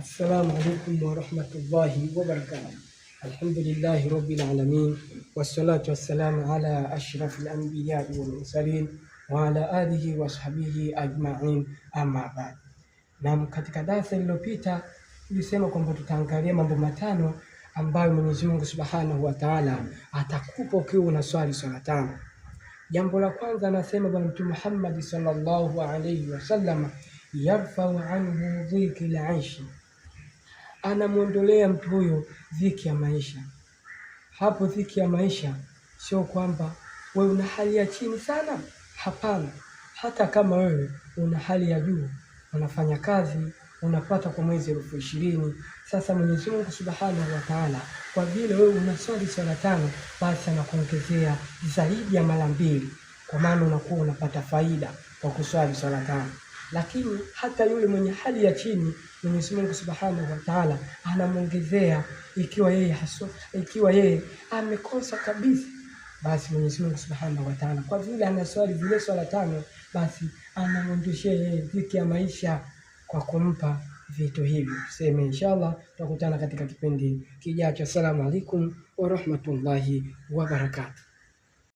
Assalamu alaikum warahmatullahi wabarakatuh. Alhamdulillahi rabbil alamin wassalatu wassalamu ala ashrafil anbiyai wal mursalin wa ala alihi wa ajma'in, amma ba'd. Na katika darasa lililopita tulisema kwamba tutaangalia mambo matano ambayo Mwenyezi Mungu Subhanahu wa Ta'ala atakupa ukiwa unaswali swala tano. Jambo la kwanza anasema Bwana Mtume Muhammad sallallahu alayhi wasallam, yarfau anhu al aishi anamwondolea mtu huyo dhiki ya maisha. Hapo dhiki ya maisha sio kwamba wewe una hali ya chini sana, hapana. Hata kama wewe una hali ya juu, unafanya kazi unapata kwa mwezi elfu ishirini. Sasa Mwenyezi Mungu Subhanahu wa Ta'ala, kwa vile wewe unaswali swala tano, basi anakuongezea zaidi ya mara mbili, kwa maana unakuwa unapata faida kwa kuswali swala tano lakini hata yule mwenye hali ya chini Mwenyezi Mungu Subhanahu wa Ta'ala anamwongezea ikiwa yeye haso, ikiwa yeye amekosa kabisa, basi Mwenyezi Mungu Subhanahu wa Ta'ala kwa vile anaswali vile swala tano, basi anamwondoshea yeye dhiki ya maisha kwa kumpa vitu hivyo. Tuseme inshallah, tutakutana katika kipindi kijacho. Assalamu alaikum wa rahmatullahi wa barakatuh.